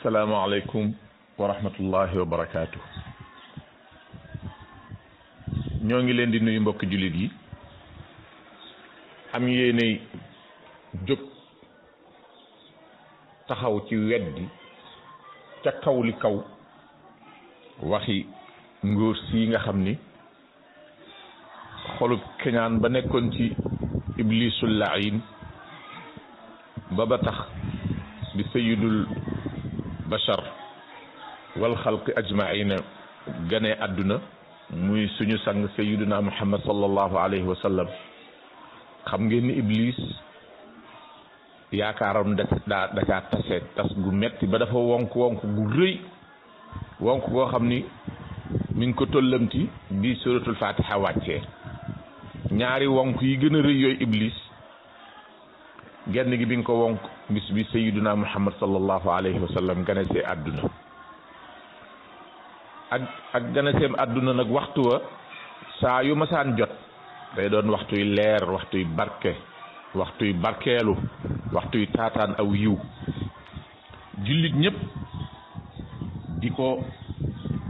asalaamualeykum wa rahmatullahi wa barakaatu. ñoo ngi leen di nuyu mbokki jullit yi am yéenay jóg taxaw ci weddi ca kaw kaw waxi nguur si nga xam ni xolub keñaan ba nekkoon ci iblisul laayin ba ba tax di sayidul bashar wal xalqi ajmaina gane àdduna muy suñu sang sayyiduna muhammad sallallahu alayhi wa sallam xam ngeen ni iblis yaakaaram da daa da caa tase tas gu metti ba dafa wonk wonk gu rëy wonk koo xam ni mi ngi ko tollamti bi suratul fatiha wàccee ñaari wonk yi gën a rëy yooyu iblis genn gi bi nga ko wonk bis bi sayiduna muhammad sallallahu alayhi wa sallam ganesee àdduna ak ak ganeseem àdduna nag waxtu wa saa yu masaan jot day doon waxtuy leer waxtuy barke waxtuy barkeelu waxtuy taataan aw yiw jullit ñépp di ko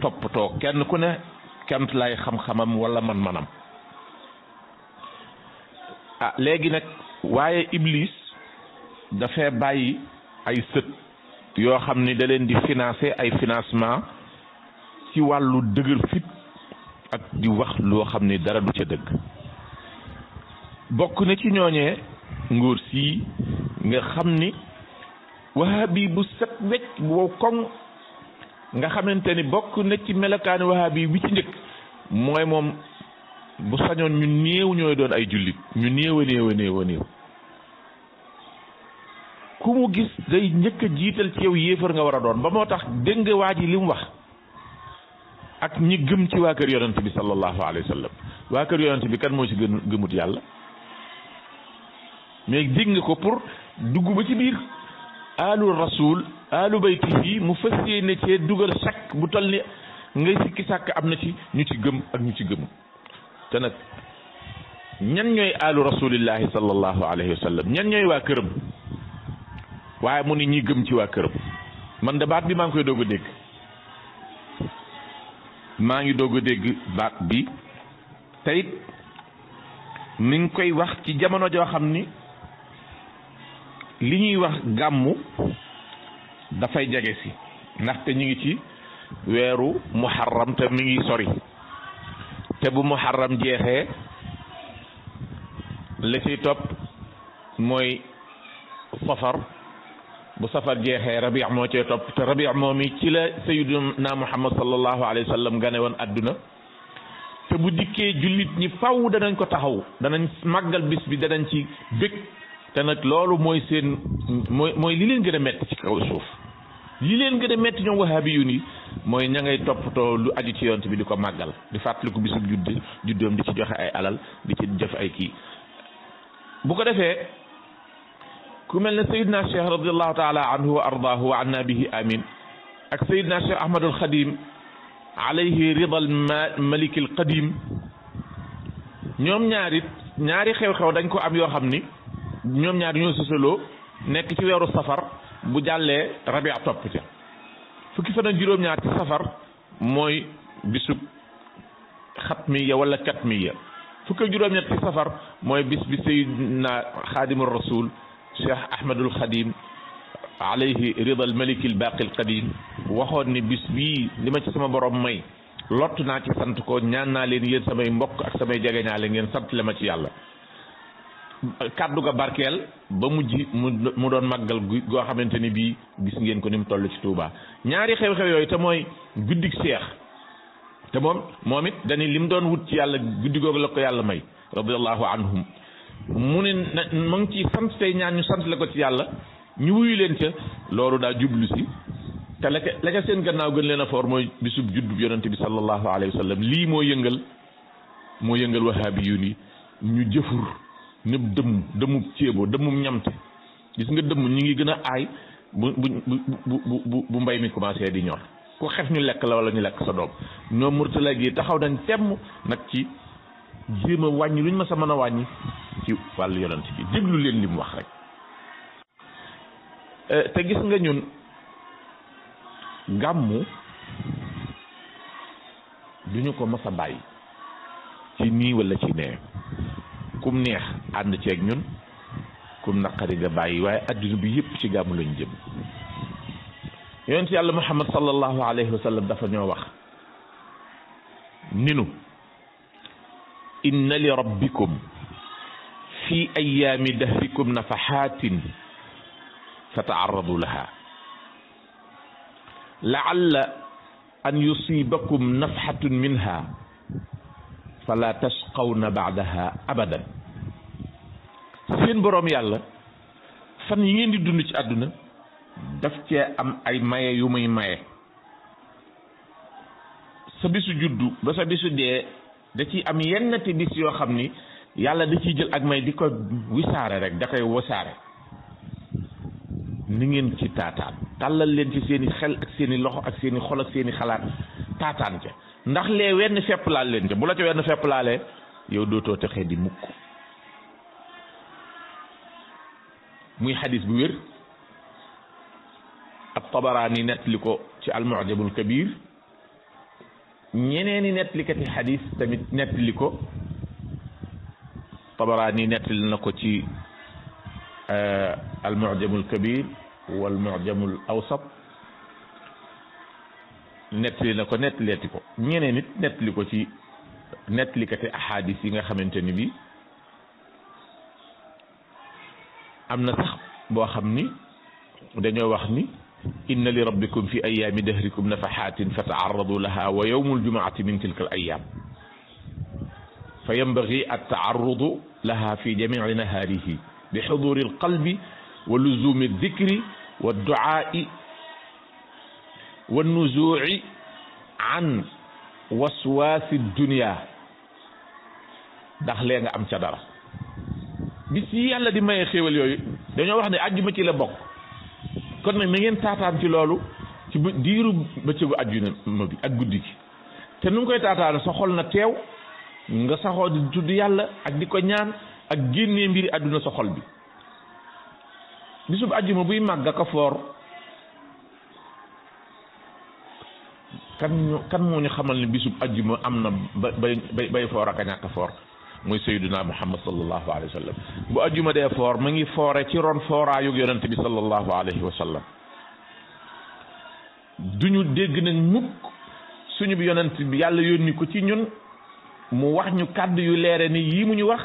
toppatoo kenn ku ne kemt lay xam-xamam wala man-manam ah léegi nag waaye iblis dafee bàyyi ay sët yoo xam ni da leen di financer ay financement ci wàllu dëgër fit ak di wax loo xam ni dara du ca dëgg bokk na ci ñooñee nguur sii nga xam ni wahabi bu set wecc bu wow koŋ nga xamante ni bokk na ci melokaani wahabi bi ci njëkk mooy moom bu sañoon ñu néew ñooy doon ay jullit ñu néew a néew néew ku mu gis day njëkk a jiital ci yow yéefar nga war a doon ba moo tax dégg nga waa ji li mu wax ak ñi gëm ci waa kër yonent bi sallallahu alayhi wa sallam waa kër yonent bi kan moo ci gën gëmut yàlla mais dégg nga ko pour dugg ba ci biir aalu rasul aalu baytihi mu fas yéene cee dugal sakk bu toll ni ngay sikki sàkk am na ci ñu ci gëm ak ñu ci gëm te nag ñan ñooy aalu rasulillahi sallallahu alayhi wa sallam ñan ñooy waa këram waaye mu ne ñi gëm ci waa këram man de baat bi maa ngi koy dog a dégg maa ngi dog a dégg baat bi te it mi ngi koy wax ci jamono joo xam ni li ñuy wax gàmmu dafay jege si ndaxte ñu ngi ci weeru muharram te mi ngi sori te bu muharram jeexee li ciy topp mooy safar bu safar jeexee rabi moo cee topp te rabi moom yi ci la sayyiduna muhammad sallallahu alayhi wa sallam gane woon àdduna te bu dikkee jullit ñi faw danañ ko taxaw danañ màggal bis bi danañ ci bég te nag loolu mooy seen mooy mooy li leen gën a metti ci kaw suuf li leen gën a metti ñoom wahabi yu ni mooy ña ngay toppatoo lu aju ci yont bi di ko màggal di fàttaliku bisub judd juddoom di ci joxe ay alal di ci def ay kii bu ko defee كما سيدنا الشيخ رضي الله تعالى عنه وارضاه وعنا به امين اك سيدنا الشيخ احمد الخديم عليه رضا الملك القديم نيوم نياريت نياري خيو خيو دنجكو ام يو خامني نيوم نيار نيو سوسلو نيك سي ويرو سفر بو جالي ربيع توب تي فكي فنا جيروم نيار سفر موي بيسو ختمية ولا كتمية فكي جيروم نيار سفر موي بيس بي سيدنا خادم الرسول cheikh ahmadul xadim alayhi ridal malikil baqil qadim waxoon ne bis bii li ma ci sama boroom may lott naa ci sant ko ñaan naa leen yéen samay mbokk ak samay jegeñaale ngeen sant le ma ci yàlla kàddu ga barkeel ba mujj mu mu doon màggal goo xamante ni bii gis ngeen ko ni mu toll ci Touba ñaari xew-xew yooyu te mooy guddik seex te moom moom it li mu doon wut ci yàlla guddi googu la ko yàlla may radiallahu anhum mu ne ma ngi ciy sant tey ñaan ñu sant la ko ci yàlla ñu wuyu leen ca loolu daa jublu si te la ca la ca seen gannaaw gën leen a foor mooy bisub juddub yonente bi sallallahu alayhi wa sallam lii moo yëngal moo yëngal wahaabi yu ni ñu jëfur ñëpp dëmm dëmmub ceebo dëmmub ñamte gis nga dëmm ñi ngi gën a aay bu bu bu bu mbay mi commencé di ñor ku xef ñu lekk la wala ñu lekk sa doom ñoom murtala gi taxaw dañ temm nag ci jéem a wàññi luñ ma sa mën a wàññi ci wàllu yonent bi déglu leen li wax rek euh, te gis nga ñun gàmmu duñu ko mës a bàyyi ci nii wala ci nee kum neex ànd ceeg ñun kum naqari nga bàyyi waaye adduna bi yëpp ci gàmmu lañ jëm yonent yàlla muhammad sallallahu alayhi wa sallam dafa ñoo wax ninu inna li rabbikum fi ayaami dahrikum nafahatin tataarradu laha laalla an yusibakum nafhatun minha fala tasqawna baadaha abadan seen boroom yàlla fan yi ngeen di dund ci àdduna daf cee am ay maye yu muy maye sa bisu juddu ba sa bisu dee da ci am yenn te bis yoo xam ni yàlla da ciy jël ak may di ko wisaare rek da koy wasaare ni ngeen ci taataan tàllal leen ci seeni xel ak seeni loxo ak seeni xol ak seeni xalaat taataan ca ndax lee wenn fepp laal leen ca bu la ca wenn fepp laalee yow dootoo texee di mukk muy xadis bu wér ak tabaraani nettali ko ci almujamul kabir ñeneeni nettalikati xadis tamit nettali ko الطبراني نتل نكوتي آه، المعجم الكبير والمعجم الأوسط نتل نكو نتل يتكو نيني نت نتل كوتي نتل كتي أحاديثي نغا خمنتني بي أمنا سخ بو خمني دانيو وخني إن لربكم في أيام دهركم نفحات فتعرضوا لها ويوم الجمعة من تلك الأيام فينبغي التعرض لها في جميع نهاره بحضور القلب ولزوم الذكر والدعاء والنزوع عن وسواس الدنيا داخل ليغا ام تشادرا بس يالا دي ماي خيوال يوي دا واخني اديما تي لا بوك كون نك نين تاتان تي لولو تي ديرو بتيغو اديونا مبي اك غودي تي نوم كوي سو خولنا تيو nga saxoo di tudd yàlla ak di ko ñaan ak génnee mbiri àdduna sa xol bi bisub àjjuma buy màgg ak a foor kan moo ñu xamal ne bisub àjjuma am na ba bay bay foor ak a ñàkk foor mooy sayyiduna muhammad sallallahu alayhi wa sallam bu àjjuma dee foor mu ngi foore ci ron fooraayug yonente bi sallallahu alayhi wa sallam duñu dégg nag mukk suñu bi yonent bi yàlla yónni ko ci ñun mu wax ñu kàddu yu leere ni yii mu ñu wax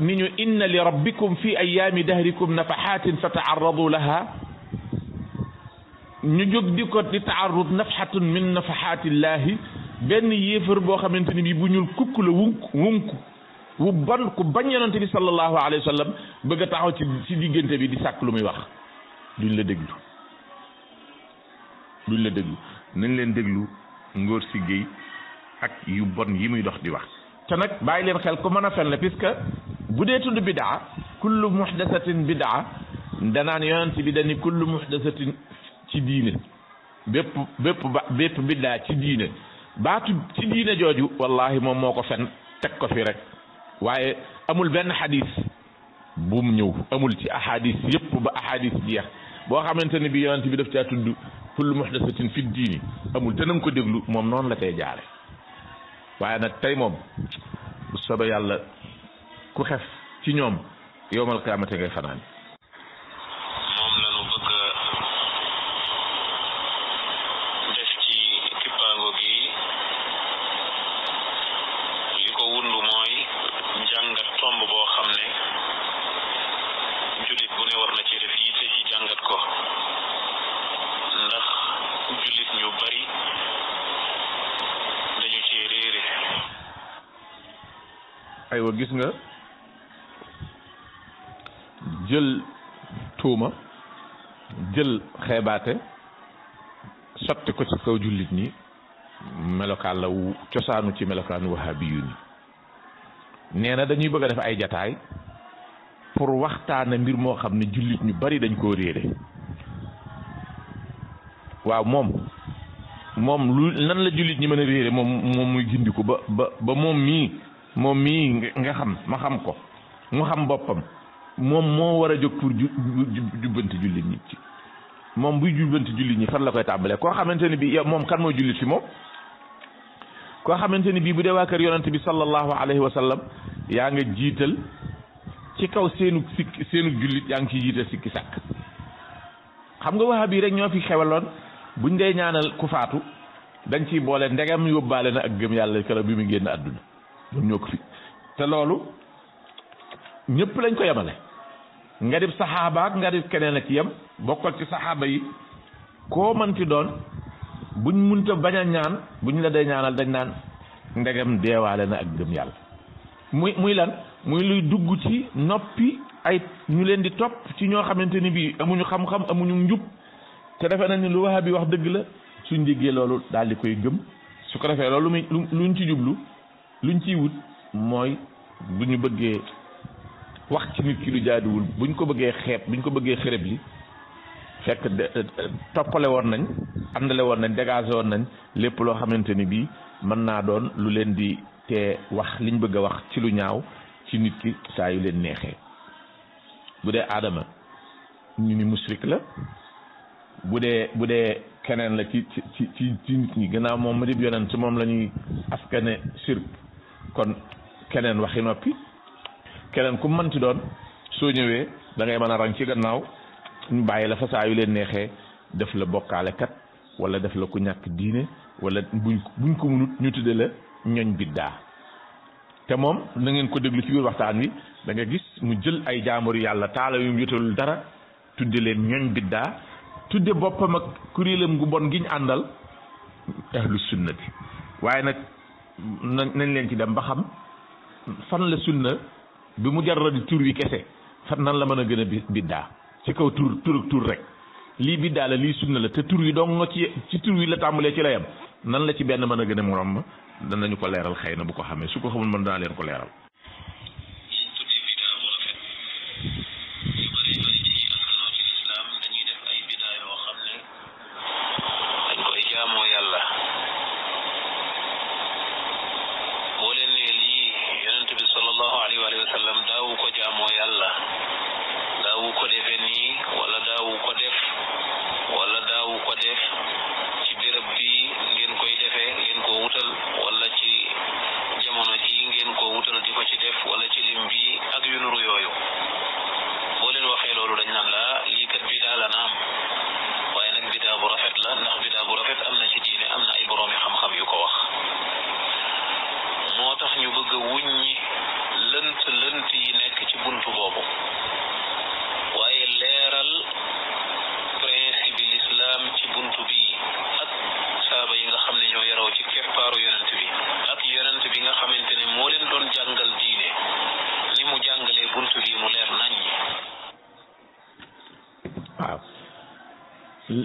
ni ñu inna li rabbikum fi ayaami dahrikum nafaxaatin fa taarradu laha ñu jóg di ko di taarrud nafxatun min nafaxaatillahi benn yéefar boo xamante ni nii bu ñuul kukk la wunk wunk wu bon ku bañ yonante bi sallallahu alayhi wa sallam bëgg taxaw ci ci diggante bi di sàkk lu muy wax duñ la déglu duñ la déglu nañ leen déglu ngóor si géey ak yu bon yi muy dox di wax te nag bàyyi leen xel ku mën a fen la puisque bu dee tudd bidaa kullu muhdasatin bidaa danaan yonent bi dani kullu muhdasatin ci diine bépp bépp ba bépp bidaa ci diine baatu ci diine jooju wallahi moom moo ko fen teg ko fi rek waaye amul benn xadis buum ñëw amul ci ahadis yépp ba ahadis jeex boo xamante ne bi yonent bi daf caa tudd kullu muhdasatin fi diini amul te na ko déglu moom noonu la tey jaare waaye nag tey moom bu soobee yàlla ku xef ci ñoom yowmal qiyaamate ngay fanaan gis nga jël tuuma jël xeebaate sotti ko ci kaw jullit ñi melokaan la cosaanu ci melokaanu wahabi yu ni nee na dañuy bëgg a def ay jataay pour waxtaana mbir moo xam ne jullit ñu bari dañ koo réere waaw moom moom lu nan la jullit ñi mën a réere moom muy gindiku ba ba moom mii moom mii nga xam ma xam ko mu xam boppam moom moo war a jóg pour ju jubbanti jullit ñi ci moom buy jubbanti jullit ñi fan la koy tàmbalee koo xamante ni bii yow moom kan moo jullit fi moom. koo xamante ni bii bu dee waa kër yonante bi sallallahu alayhi wa sallam yaa ngi jiital ci kaw seenu sikki seenu jullit yaa ngi ciy jiital sikki sàkk xam nga waxa bii rek ñoo fi xewaloon buñ dee ñaanal ku faatu dañ ciy boole ndegam yóbbaale na ak gëm yàlla kala bi mu génn àdduna. ñoom ñoo te loolu ñëpp lañ ko yemale nga dib saxaaba keneen ak yem bokkal ci saxaaba yi koo mën ci doon buñ munta bañ ñaan bu ñu la day ñaanal dañ naan ndegem deewaale na ak gëm yàlla muy muy lan muy luy dugg ci noppi ay ñu leen di topp ci ñoo xamante ni bii amuñu xam-xam amuñu njub te defee nañ lu waxa bi wax dëgg la suñ déggee loolu daal di koy gëm su ko defee loolu muy luñ ci jublu luñ ci wut mooy bu ñu bëggee wax ci nit ki lu jaaduwul buñ ko bëggee xeeb buñ ko bëggee xërëb li fekk euh, euh, toppale woon nañ àndale woon nañ dégagé woon nañ lépp loo xamante ni bii mën naa doon lu leen di te wax liñ bëgg a wax ci lu ñaaw ci nit ki saa yu leen neexee bu dee aadama ñu ni musrik la bu dee bu dee keneen la ci ci ci ci nit ñi gannaaw moom ma dib yonent moom lañuy ñuy askane sirk kon keneen waxi noppi keneen ku mënti doon soo ñëwee dangay ngay mën a rang ci gannaaw ñu bàyyi la fa leen neexee def la bokkaale kat wala def la ku ñàkk diine wala buñ buñ ko munut ñu tudde la ñoñ biddaa te moom na ko déglu ci biir waxtaan wi danga gis mu jël ay jaamoru yàlla taala yu jotalul dara tudde leen ñoñ biddaa tudde boppam ak kuréelam gu bon giñ àndal ahlu sunna bi waaye nag nañ leen ci dem ba xam fan la sunna bi mu jar jarradi tur wi kese fan nan la mën a gën a biddaa ci kaw tur tur tur rek lii biddaa la lii sunna la te tur yi dong ci ci tur yi la tàmbalee ci la yam nan la ci benn mën a gën a morom danañu ko leeral xëy na bu ko xamee su ko xamul mën daa leen ko leeral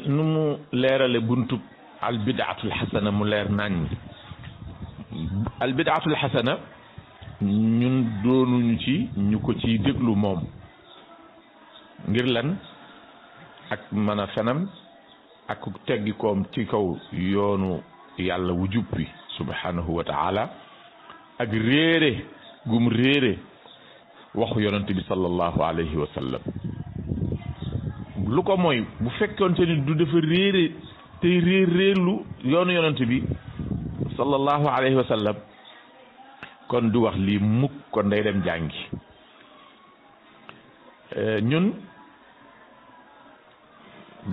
nu mu leerale buntub albidaatul xasana mu leer naañ ñi albidaatul xasana ñun doonuñu ci ñu ko ciy déglu moom ngir lan ak mën a fenam ak teggikoom ci kaw yoonu yàlla wu jub bi subhanahu wa taala ak réere gum réere waxu yonent bi sallallahu alayhi wa lu ko mooy bu fekkoonte ni du dafa réere tey réer réerlu yoonu yonent bi sallallahu alayhi wa sallam kon du wax lii mukk kon day dem jàngi euh, ñun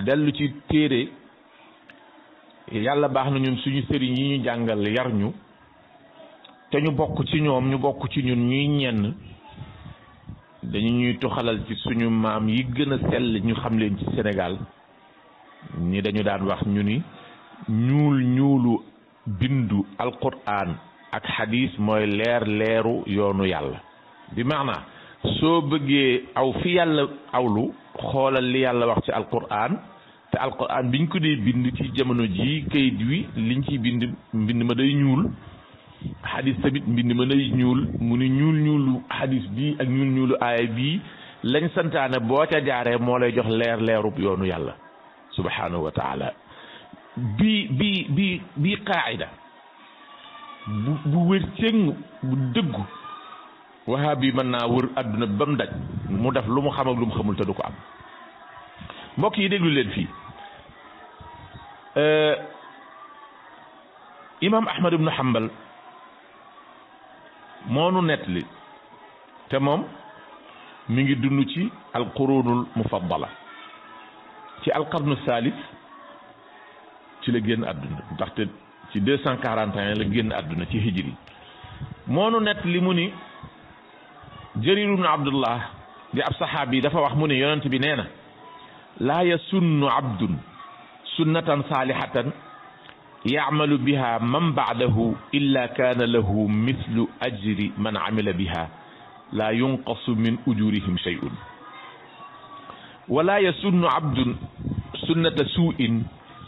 dellu ci téere yàlla baax na ñun suñu sëriñ yi ñu jàngal yar ñu te ñu bokk ci ñoom ñu bokk ci ñun ñuy ñenn dañu ñuy tuxalal ci suñu maam yi gën a sell ñu xam leen ci Sénégal ñi dañu daan wax ñu ni ñuul ñuulu bindu alquran ak xadis mooy leer leeru yoonu yàlla bi maanaa soo bëggee aw fi yàlla awlu xoolal li yàlla wax ci alquran te alquran biñ ko dee bind ci jamono ji kayit wi liñ ci bind mbind ma day ñuul xadis tamit mbind mën a ñuul mu ni ñuul ñuulu xadis bii ak ñuul ñuulu aaya bii lañ santaane boo ca jaaree moo lay jox leer leeru yoonu yàlla subhanahu wa taala bii bii bii bii qaayida bu bu wér cëng bu dëggu waxaa bi mën naa wër adduna ba mu daj mu def lu mu xam lu mu xamul te du ko am mbokk yi déglu leen fii euh, imaam Ahmad ibnu Hanbal moo nu nettali te moom mu ngi dund ci alqurunul mufaddala ci alqarnu saalis ci la génn àdduna ndaxte ci deux cent quarante et la génn àdduna ci hijri moo nu nett li mu ni jarir ibnu abdullah di ab saxaabi yi dafa wax mu ni yonent bi nee na laa yasunnu abdun sunnatan saalihatan يعمل بها من بعده إلا كان له مثل أجر من عمل بها لا ينقص من أجورهم شيء ولا يسن عبد سنة سوء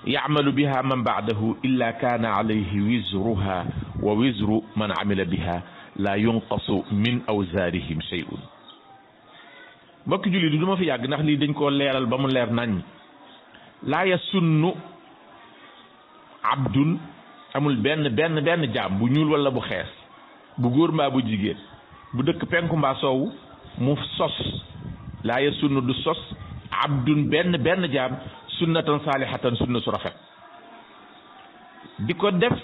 يعمل بها من بعده إلا كان عليه وزرها ووزر من عمل بها لا ينقص من أوزارهم شيء mbokk julli دوما في fi yàgg ndax lii dañ koo leeral ba abdun amul benn benn benn jaam bu ñuul walla bu xees bu góor mbaa bu jigéen bu dëkk penku mbaa soowu mu sos laa ya sunna du sos abdun benn benn jaam sunnatan saalihatan sunna su rafet di ko def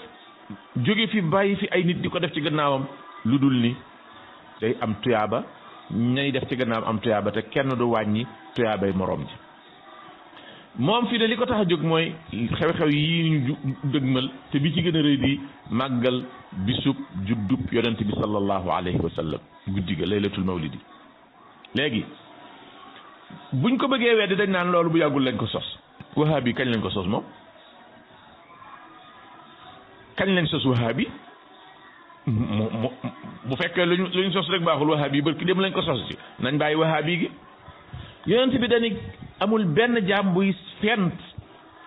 jóge fi bàyyi fi ay nit di ko def ci gannaawam lu dul ni day am tuyaaba ñay def ci gannaawam am tuyaaba te kenn du wàññi tuyaabay moroom ji moom fii de li ko tax a jóg mooy xew-xew yi ñu dëgmal te bi ci gën a rëy di màggal bisub juddub yonent bi sallallahu alayhi wa sallam guddi ga laylatul mawlidi léegi buñ ko bëggee weddi dañ naan loolu bu yàggul lañ ko sos wahaab yi kañ lañ ko sos moom kañ lañ sos wahaab yi mu mu bu fekkee luñ luñ sos rek baaxul wahaab yi bërki dem lañ ko sos ci nañ bàyyi wahaab yi gi yonent bi dañu amul benn jaam buy fent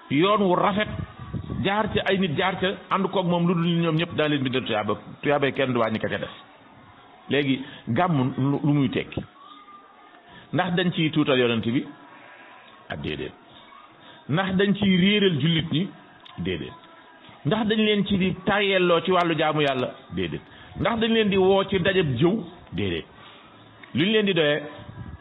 yoon wu rafet jaar ci ay nit jaar ca ànd kook moom lu dul ñoom ñëpp daal leen bindal tuyaaba tuyaaba kenn du wàññi ka ca def léegi gàmm lu muy tekki ndax dañ ciy tuutal yonent bi ak ah, déedéet ndax dañ ciy réeral jullit ñi déedéet ndax dañ leen ci di loo ci wàllu jaamu yàlla déedéet ndax dañ leen di woo ci dajab jëw déedéet lu ñu leen di doyee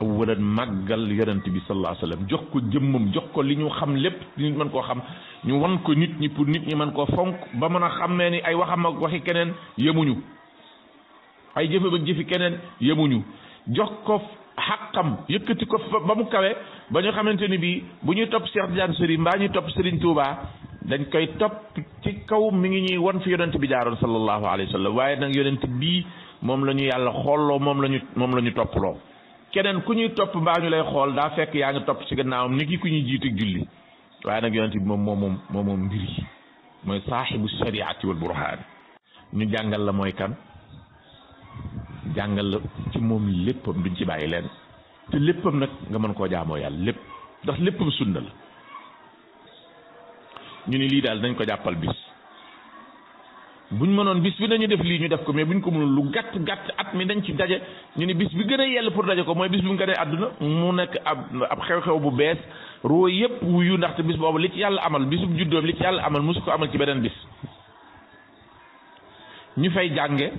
wala màggal yonent bi sallallahu alayhi jox ko jëmmam jox ko li ñu xam lépp nit mën koo xam ñu wan ko nit ñi pour nit ñi mën koo fonk ba mën a xam ne ni ay waxam ak waxi keneen yemuñu ay jëfam ak jëfi keneen yemuñu jox ko xàqam yëkkati ko ba mu kawe ba ñu xamante ni bii bu ñuy topp Cheikh Tidiane Seri mbaa ñuy topp Serigne Touba dañ koy topp ci kaw mi ngi ñuy wan fi yonent bi jaaroon sallallahu alayhi wasallam waaye nag yonent bii moom la ñu yàlla xooloo moom la ñu moom la ñu topploo keneen ku ñuy topp mbaa ñu lay xool daa fekk yaa ngi topp ci gannaawam ni ki ku ñuy jiitu julli waaye nag yonent bi moom moom moom moom moom mbir yi mooy saaxibu shariati wal burhaan ñu jàngal la mooy kan jàngal la ci moom léppam duñ ci bàyyi leen te léppam nag nga mën koo jaamoo yàlla lépp ndax léppam sunna la ñu ni lii daal dañ ko jàppal bis bu ñu mënoon bis bi nañu def lii ñu def ko mais buñ ko mënul lu gàtt gàtt at mi dañ ci daje ñu ni bis bi gën a yell pour daje ko mooy bis bi mu gën a àdduna mu nekk ab xew-xew bu bees roo yëpp wuyu ndaxte bis boobu li ci yàlla amal bisub juddoom li ci yàlla amal mosu ko amal ci beneen bis ñu fay jànge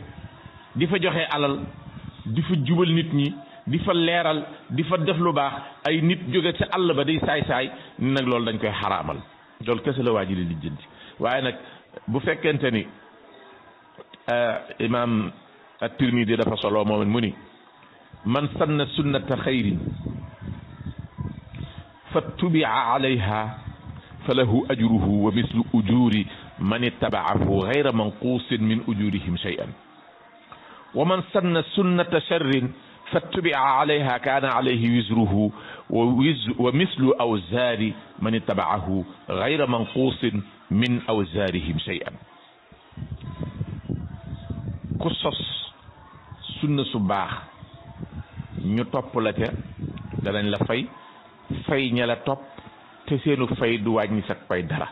di fa joxe alal di fa jubal nit ñi di fa leeral di fa def lu baax ay nit jóge ca àll ba di saay-saay ni nag loolu dañ koy xaraamal loolu kese la waa ji آه، امام الترمذي دا فصلى مومن موني من سن سنه خير فتبع عليها فله اجره ومثل اجور من اتبعه غير منقوص من اجورهم شيئا ومن سن سنه شر فاتبع عليها كان عليه وزره ومثل اوزار من اتبعه غير منقوص من اوزارهم شيئا ku sos sunna su baax ñu topp la ca danañ la fay fay ña la topp te seenu fay du wàññi sag fay dara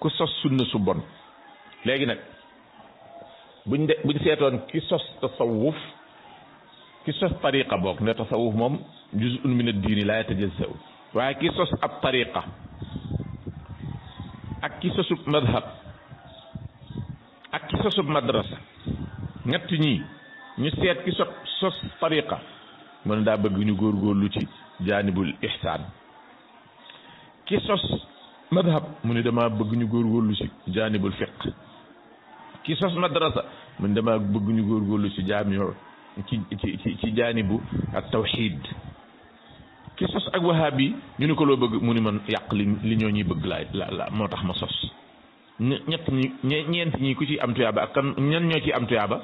ku sos sunna su bon léegi nag buñ de buñ seetoon ki sos tasawuf ki sos tariqa boog ne tasawuf moom juz'un min ad-diini laa yatajazza waaye ki sos ab tariqa ak ki sosub madhab ak ki sosub madrasa ñett ñii ñu seet ki sot sos tariqa mu ne daa bëgg ñu góor góorgóorlu ci jaanibul ihsaan ki sos madhab mu ne dama bëgg ñu góorgóorlu ci jaanibul fiq ki sos madrasa mu ne dama bëgg ñu góorgóorlu ci jaamiu ci ci ci ci jaanibu ak tawxiid ki sos ak wahaab yi ñu ne ko loo bëgg mu ni man yàq li li ñoo ñuy bëgg laay la la moo tax ma sos ñett ñi ñeent ñi ku ci am tuyaaba ak kan ñan am tuyaaba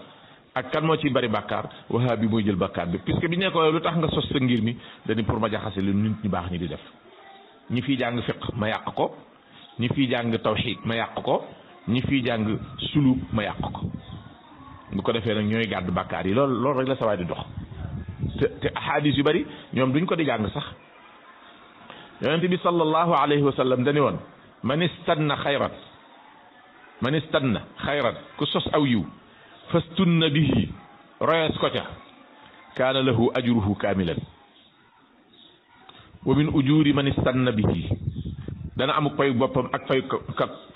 ak kan moo ci bari bàkkaar waxaa bi mooy jël bàkkaar bi puisque bi nekkoo lu tax nga sos sa ngir mi dañu pour ma jaxase lu nit ñu baax ñu di def ñi fiy jàng fiq ma yàq ko ñi fiy jàng tawxiid ma yàq ko ñi fiy jàng suluk ma yàq ko bu ko defee nag ñooy gàddu bàkkaar yi loolu loolu rek la sawaay di dox te ahadis yu bari ñoom duñ ko di jàng sax yonente bi sallallahu alayhi wa sallam dañu woon man na xayran man istanna xayran ku sos aw yiw fastunna bihi royees ko ca kaana lahu ajruhu kaamilan wa min ujuri man istanna bihi dana amuk pay boppam ak pay ka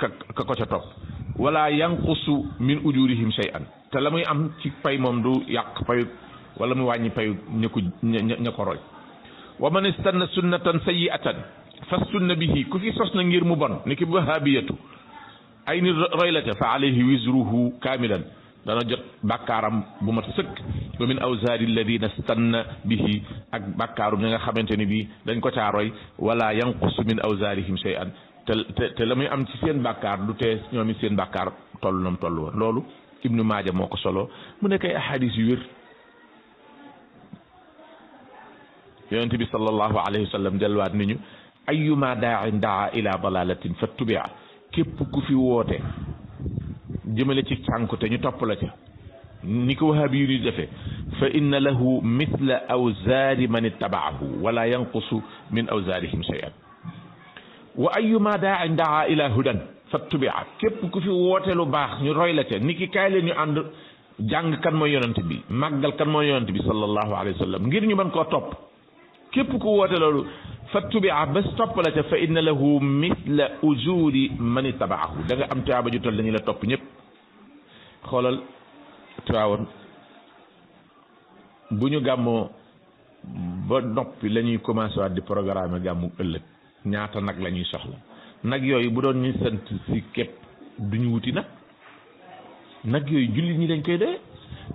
ka ko ca topp wala yanqusu min ujurihim shay'an te la muy am ci pay moom du yàq pay wala mu wàññi pay ña ko ña ko roy wa man istanna sunnatan sayyi'atan fastunna bihi ku fi sos na ngir mu bon ni ki wahabiyatu ay nit roy la ca fa alayhi wisruhu kaamilan dana jot bàkkaaram bu mat sëkk wa min awsaari alladina stanna bihi ak bàkkaaru ñi nga xamante ni bii dañ ko caa roy wala yanqusu min awsaarihim shay'an te te la muy am ci seen bàkkaar du tee ñoom it seen bàkkaar toll nam toll woon loolu ibnu maaja moo ko solo mu nekk ay ahadis yu wér yonente bi sallallahu alayhi wa sallam delluwaat ni ñu ayuma daain daa ila dalalatin fa tubia كيف كفي واته جملة تكانك تاني تطبلك نكو هابي يريد فيه فإن له مثل أوزار من اتبعه ولا ينقص من أوزارهم شيئا وأيما داع دعا إلى هدى فاتبع كيف كفي واته لو باخ نروي لتي نكي كايلي نو عند جانج كان مو يونتبي مقدل كان مو يونتبي صلى الله عليه وسلم غير نيو من كو تطب képp ko woote loolu fa tubia bés topp la ca fa inna lahu mithla ujuri mani tabaahu da nga am tuyaaba ju toll dañu la topp ñëpp xoolal tuwaawoon bu ñu gàmmoo ba noppi lañuy ñuy commencé waat di programme gàmmu ëllëg ñaata nag lañuy ñuy soxla nag yooyu bu doon ñu sant si képp duñu wuti nag nag yooyu jullit ñi dañ koy dee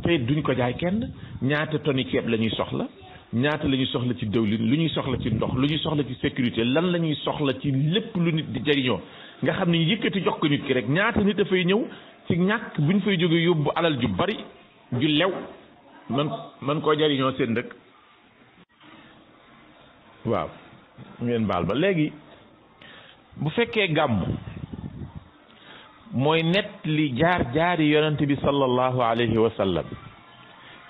te duñ ko jaay kenn ñaata toni ceeb la ñuy soxla ñaata la soxla ci dëwlin lu ñuy soxla ci ndox lu ñuy soxla ci sécurité lan la ñuy soxla ci lépp lu nit di jariñoo nga xam ne yëkkati jox ko nit ki rek ñaata nit dafay ñëw ci ñàkk bu ñu fay jógee yóbbu alal ju bari ju lew man man koo jariñoo seen dëkk waaw ngeen baal ba léegi bu fekkee gàmm mooy nett li jaar jaari yonent bi sallallahu alayhi wa sallam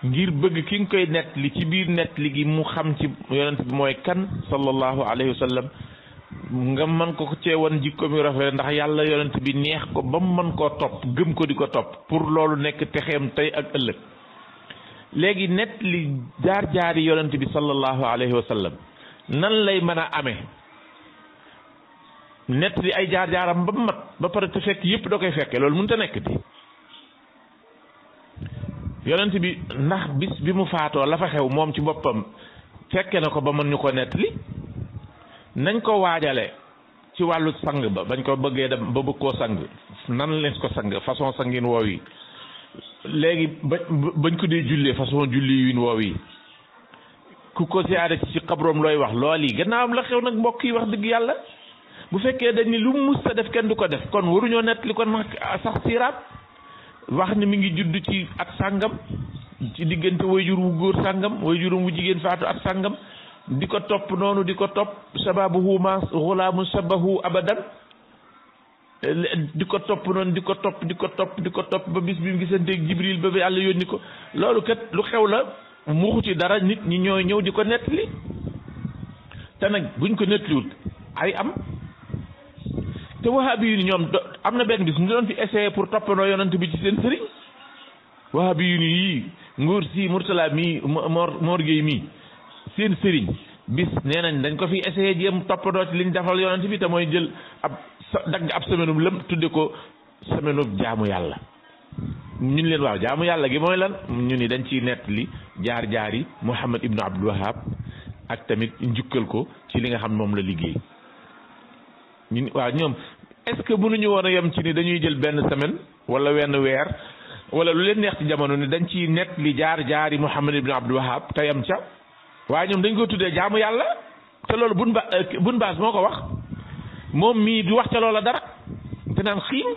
ngir bëgg ki nga koy nett li ci biir nett li gi mu xam ci yonent bi mooy kan sallallahu alayhi wa nga mën ko cee wan jikkoom yu rafet ndax yàlla yonent bi neex ko ba mu mën koo topp gëm ko di ko topp pour loolu nekk texeem tey ak ëllëg léegi nett li jaar jaari yonent bi sallallahu alayhi wa sallam nan lay mën a amee nett li ay jaar jaaram ba mat ba pare te fekk yëpp da koy fekkee loolu mënut a nekk di yonent bi ndax bis bi mu faatoo la fa xew moom ci boppam fekke na ko ba mën ñu ko nettali nañ ko waajale ci wàllu sang ba bañ ko bëggee dem ba bëgg koo sang nan lees ko sang façon sangin woow yi léegi ba bañ ko dee jullee façon julli win woow yi ku ko siyaare ci xabroom looy wax lool yi gannaawam la xew nag mbokk yi wax dëgg yàlla bu fekkee dañ ni lu mu mus sa def kenn du ko def kon waruñoo nettali kon sax siiraat wax ne mi ngi judd ci at sàngam ci diggante wayjur wu góor sàngam wayjurum wu jigéen faatu at sàngam di ko topp noonu di ko topp sababuhu ma xulaamu sabahu abadan di ko topp noonu di ko topp di ko topp di ko topp ba bis bi mu gisanteeg jibril ba ba yàlla ni ko loolu kat lu xew la muxuti dara nit ñi ñooy ñëw di ko nettali te nag buñ ko nettaliwut ay am te wahabi yu ni ñoom am na benn bis ñu doon fi essayé pour toppandoo yonent bi ci seen sëriñ wahabi yu ni yii nguur si Murtala mii Mor Mor mii seen sëriñ bis nee nañ dañ ko fi essayé jéem toppandoo ci liñ defal yonent bi te mooy jël ab dagg ab semaine um lëm tudde ko semaine um jaamu yàlla ñun leen waaw jaamu yàlla gi mooy lan ñu ni dañ ciy li jaar jaar yi Muhammad ibnu Abdul Wahab ak tamit njukkal ko ci li nga xam moom la liggéey ñun waaw ñoom est-ce que mënuñu war a yem ci ni dañuy jël benn semaine wala wenn weer wala lu leen neex ci jamono ni dañ ciy nekk li jaar jaar jaari Muhammad ibn Abdul Wahab te yem ca waa ñoom dañ ko tuddee jaamu yàlla te loolu bun ba euh, bun moo ko wax moom mii du wax ca loola dara te naan xiim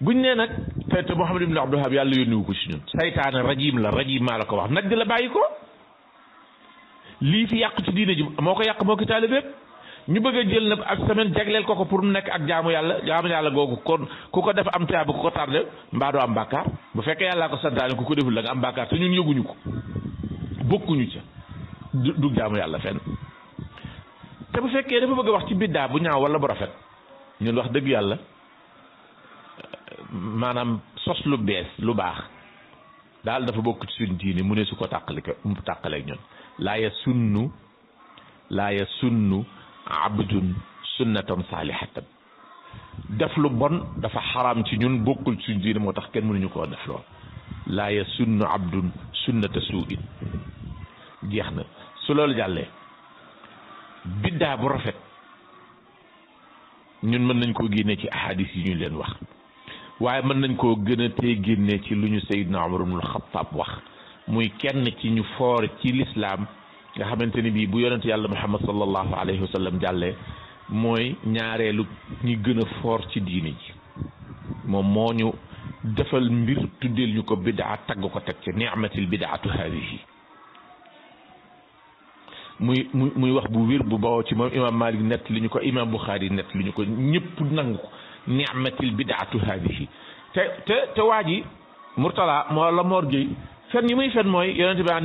buñ nee nag te te Muhammad ibn Abdul Wahab yàlla yónniwu ko ci ñun saytaane rajim la rajim maa la ko wax nag di la bàyyi ko lii fi yàq ci diine ji moo ko yàq moo ko ñu bëgg a jël na ak semaine jagleel ko ko pour mu nekk ak jaamu yàlla jaamu yàlla googu kon ku ko def am tiyaabu ku ko tardé mbaa doo am bàkkaar bu fekkee yàllaa ko santaane ku ko deful da nga am bàkkaar te ñun yëguñu ko bokkuñu ca du jaamu yàlla fenn te bu fekkee dafa bëgg a wax ci biddaa bu ñaaw wala bu rafet ñun wax dëgg yàlla maanaam sos lu bees lu baax daal dafa bokk ci suñ diine mu ne su ko tàqali ko mu tàqaleeg ñun laa ya sunnu laa ya sunnu abdun sunnatan saalihatan def lu bon dafa xaraam ci ñun bokkul suñ diine moo tax kenn mënuñu koo def lool laa yasunnu abdun sunnata suuin jeex na su loolu jàllee biddaa rafet ñun mën nañ koo génne ci ahadis yi ñu leen wax waaye mën nañ koo gën a tee génne ci lu ñu Seydina Umar ibnul Xattaab wax muy kenn ci ñu foor ci lislaam nga xamante ni bii bu yonent yàlla muhammad sallallahu alayhi wa sallam jàllee mooy ñaareelu ñi gën a foor ci diini ji moom moo ñu defal mbir tuddeel ñu ko bidaa tagg ko teg ci ni'matil bidaatu haadihi muy muy muy wax bu wér bu bawoo ci moom imam malik nett li ñu ko imam buxaari nett lu ñu ko ñëpp nangu ko ni'matil bidaatu haadihi te te te waa ji murtala moo la moor fen yi muy fen mooy yonente ba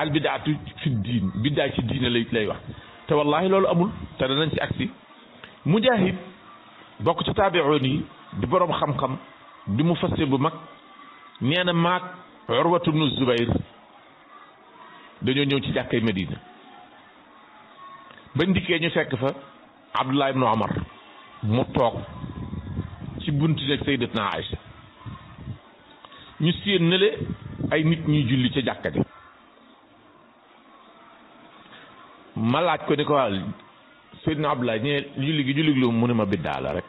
al bidaatu fi diin biddaa ci diine lay lay wax te wallahi loolu amul te danañ ci agsi mujahid bokk ci taabiroon yi di boroom xam-xam di mu fassir bu mag nee na maag urwatu bnu zubayr dañoo ñëw ci jàkkay Medina bañ dikkee ñu fekk fa abdullah ibnu omar mu toog ci buntu nekk sayyidatna aïcha ñu séen nële ay nit ñuy julli ca jàkka ji ko ni ko waaw Seydina Abdoulaye ñee julli gi julli lu mu ne ma biddaa la rek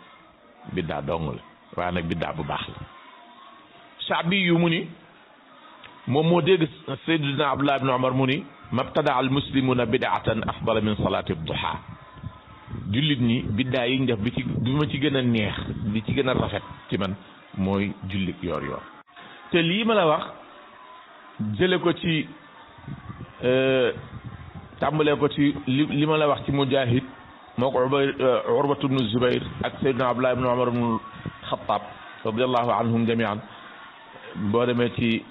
biddaa dong la waaye nag biddaa bu baax la saabi yu mu ni moom moo dégg Seydina Abdullah ibn Umar mu ni mabtada al muslimuna bidaatan afdala min salaati duha jullit ñi biddaa yi ñu def bi ci bi ma ci gën a neex bi ci gën a rafet ci man mooy jullit yoor yoor te lii ma la wax jële ko ci tàmbalee ko ci li la wax ci mujahid moo ko ubay urwatu bnu zubayr ak saydna abdullah ibnu umar ibn xataab radiallahu anhum jamian boo demee ci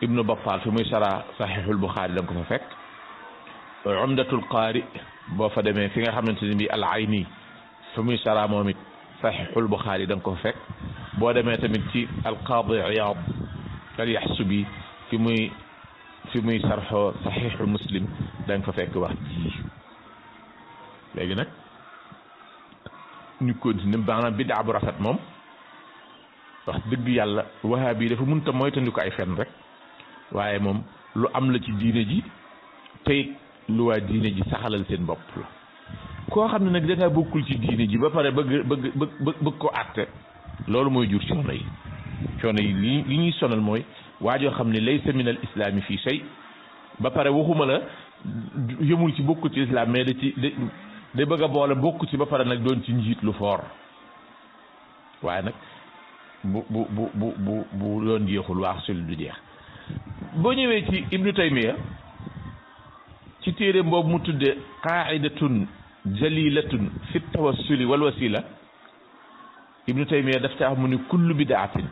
ibnu battal fi muy sara saxiixul buxaari da nga ko fa fekk umdatul qaari boo fa demee fi nga xamante bi al ayni fi muy sara moom it saxiixul buxaari da nga ko fa fekk boo demee tamit fi muy fi muy sarxoo saxiixu muslim danga fa fekk wax ji léegi nag ñu continuer bi bidaa bu rafet moom wax dëgg yàlla wahaab yi dafa mënta moytandi ko ay fen rek waaye moom lu am la ci diine ji tey lu waa diine ji saxalal seen bopp la koo xam ne nag da ngaa ci diine ji ba pare bëgg bëgg bëgg ko àtte loolu mooy jur coono yi coono yi li li ñuy sonal mooy waa joo xam ne laysa min al islaami fii ba pare waxuma la yëmul ci bokku ci islam mais da ci da bëgg a boole bokku ci ba pare nag doon ci njiit lu foor waaye nag bu bu bu bu bu doon jeexul waax sulu du jeex boo ñëwee ci ibnu taymiya ci téere boobu mu tudde qaidatun jalilatun fi tawassuli wal wasila ibnu taymiya daf caa mu ni kullu bidaatin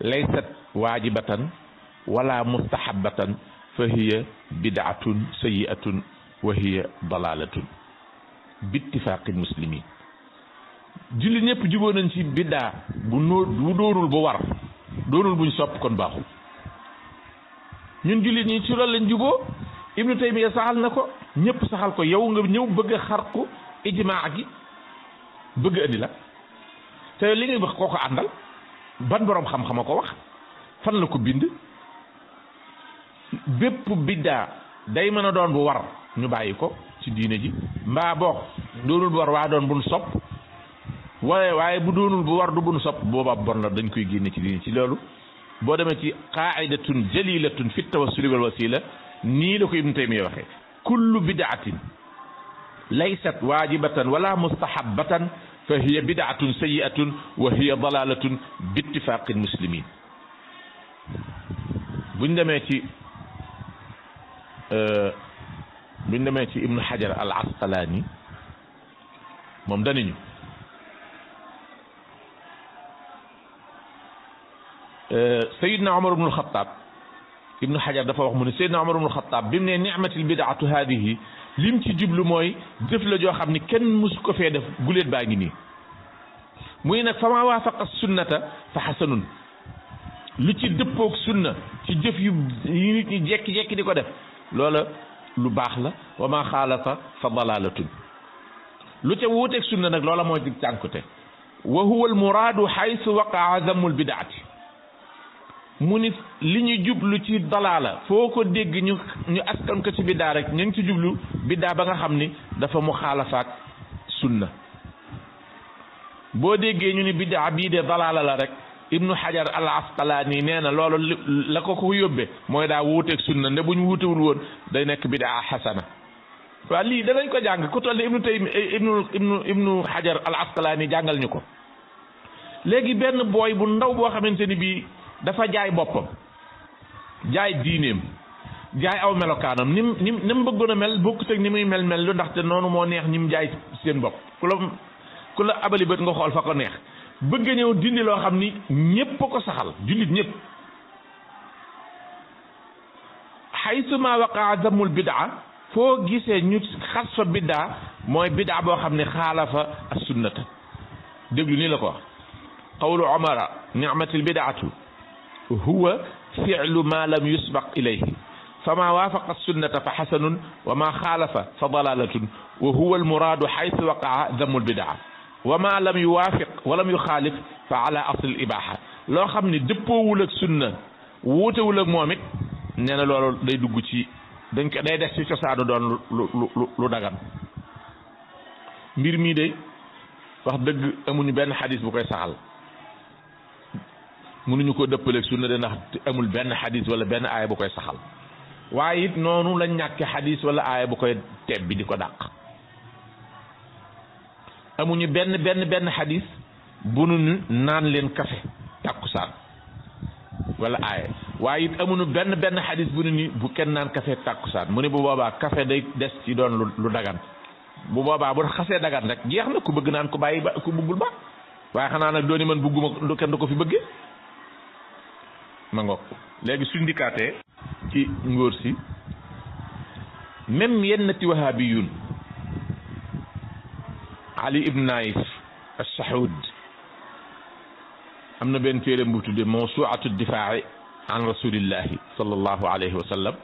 laysat waajibatan wala mustahabatan fa hiya bidaatun sayiatun wa hiya dalaalatun bittifaaqil muslimin jullit ñëpp juboo nañ ci biddaa bu noo bu doonul bu war doonul buñ sopp kon baaxul ñun jullit ñi ci loolu lañ juboo ibnu taymiya saxal na ko ñëpp saxal ko yow nga ñëw bëgg a xar ijmaa gi bëgg andi la te li ngay wax koo ko àndal ban boroom xam-xama ko wax fan la ko bind bépp bidda day mën a doon bu war ñu bàyyi ko ci diine ji mbaa boo doonul bu war waa doon buñ sopp waaye waaye bu doonul bu war du buñ sopp booba bon la dañ koy génne ci diine ci loolu boo demee ci qaidatun jalilatun fi tawassuli wal wasila nii la ko ibnu taymiya waxee kullu bidaatin laysat waajibatan wala mustahabatan fa hiya bidaatun sayiatun wa hiya dalalatun bi ittifaqi buñ demee ci buñ demee ci ibnu xajar al asqalaani moom daniñu sayidna omar ibnu alxataab ibnu xajar dafa wax mu ne sayidna omar ibnu alxataab bi mu ne nicmatil bidaatu haadihi lim ci jublu mooy jëf la joo xam ni kenn musu ko fee def guléet baa ngi nii muy nag fa ma waafaqa sunnata fa xasanun li ci dëppoog sunna ci jëf yu yu nit ñi jekki-jekki di ko def loola lu baax la wa ma xaalafa fa dalaalatun lu ca wuuteeg sunna nag loola mooy dig cànkute wa huwa al muraadu xaysu waqaa azamul bidaati mu ni li ñu jublu ci dalaala foo ko dégg ñu ñu askan ko ci biddaa rek ñu ngi ci jublu biddaa ba nga xam ni dafa mu xaalafaak sunna boo déggee ñu ni biddaa bii de dalaala la rek ibnu xajar al asqalaani nee na loolu la ko ko yóbbe mooy daa wuuteeg sunna nde ñu wuutewul woon day nekk bidaa xasana waaw lii danañ ko jàng ku toll ne ibnu taymi ibnu ibnu ibnu xajar al asqalaani jàngal ñu ko léegi benn booy bu ndaw boo xamante ni bii dafa jaay boppam jaay diineem jaay aw melokaanam nim nim ni bëggoon a mel bokkut ak ni muy mel mel lu ndaxte noonu moo neex ñi mu jaay seen bopp ku la ku nga xool fa ko neex bëgg a ñëw dindi loo xam ni ñépp ko saxal jullit ñépp xaysuma waqaa damul bidaa foo gisee ñu xas fa bidaa mooy bidaa boo xam ne xaalafa assunnata déglu nii la ko wax qawlu omara nicmatil bidaatu huwa filu ma lam yusbaq ilayhi فما وافق السنة فحسن وما خالف فضلالة وهو المراد حيث وقع ذم البدعة wa ma lam yuwaafiq wa lam yuxaalif fa ala aslil loo xam ne dëppoowul ak sunna wuutewul ak moom it nee na loolu day dugg ci dañ ko day def ci cosaanu doon lu lu lu dagan mbir mii de wax dëgg amuñu benn xadis bu koy saxal mënuñu koo dëppaleeg sunna de ndax amul benn xadis wala benn aaya bu koy saxal waaye it noonu la ñàkke xadis wala aaya bu koy bi di ko dàq amuñu benn benn benn xadis bu nu naan leen kafe tàkkusaan wala aaye waaye it amuñu benn benn xadis bu nu ni bu kenn naan kafe tàkkusaan mu ne bu boobaa kafe day des ci doon lu dagan bu boobaa bu xasee dagan rek jeex na ku bëgg naan ku bàyyi ba ku bëggul ba waaye xanaa nag dooni man bëgguma kenn du ko fi bëggee ma ngoog léegi suñ ci ngóor si même yenn ti wahaabiyun علي ابن نايف السحود امنا بين تيرم بوتو دي موسوعه الدفاع عن رسول الله صلى الله عليه وسلم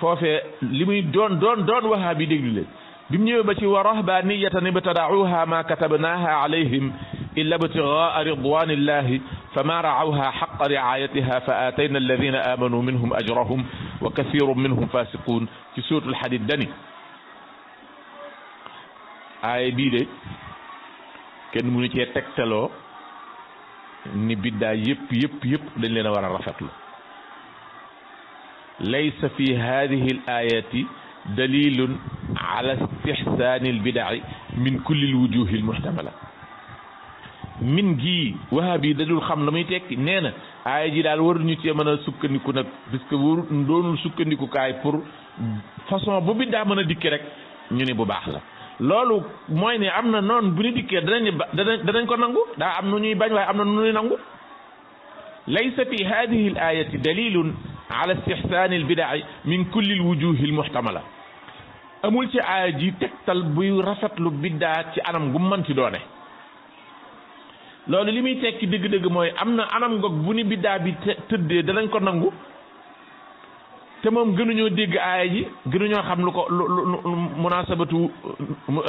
فوفي لي دون دون دون وهابي دي نيل بيم نيو ورهبانيه بتدعوها ما كتبناها عليهم الا ابتغاء رضوان الله فما رعوها حق رعايتها فاتينا الذين امنوا منهم اجرهم وكثير منهم فاسقون في سوره الحديد دني aaya bii de kenn mënu cee tegtaloo ni biddaa yëpp yëpp yëpp dañ leen a war a rafetlu laysa fi hadihi al ayati dalilun ala istixsaani al bidai min kulli al wujuhi al muhtamala min xam la muy tekki nee na aaya ji daal waruñu cee mën a sukkandiku nag puisque waru doonul sukkandikukaay pour façon bu biddaa mën a dikk rek ñu ne bu baax la loolu mooy ne am na noon bu ñu dikkee danañ danañ ko nangu daa am na ñuy bañ waaye am na nu ñuy nangu laysa fi hadihi al ayati dalilun ala istihsani al bidai min kulli al wujuhi amul ci aaya ji tegtal buy rafetlu biddaa ci anam gu mën ci doone loolu li muy tekki dëgg-dëgg mooy am na anam goog bu ni biddaa bi tëddee danañ ko nangu te moom gënuñoo dégg aaya ji gënuñoo xam lu ko lu lu munasabatu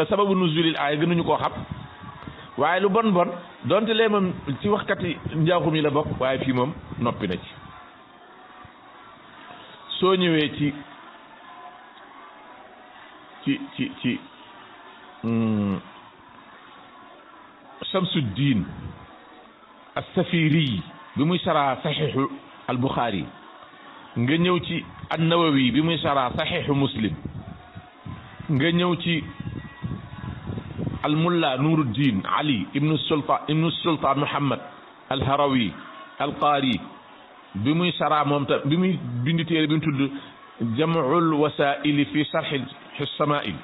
sababu nuzulil aaya gënuñu koo xam waaye lu bon bon donte lee moom ci waxkati njaaxum yi la bokk waaye fii moom noppi na ci soo ñëwee ci ci ci ci hmm, Shamsuddin as-Safiri bi muy saraa saxiixu al Buxaari nga ñëw ci an-Nawawi bi muy sharah sahih muslim nga ñëw ci al-mulla nuruddin ali ibn sulta ibn sulta muhammad al-harawi al-qari bi muy sharah mom ta bi muy bind téere bi tudd jam'ul wasa'il fi sharh sarxi samail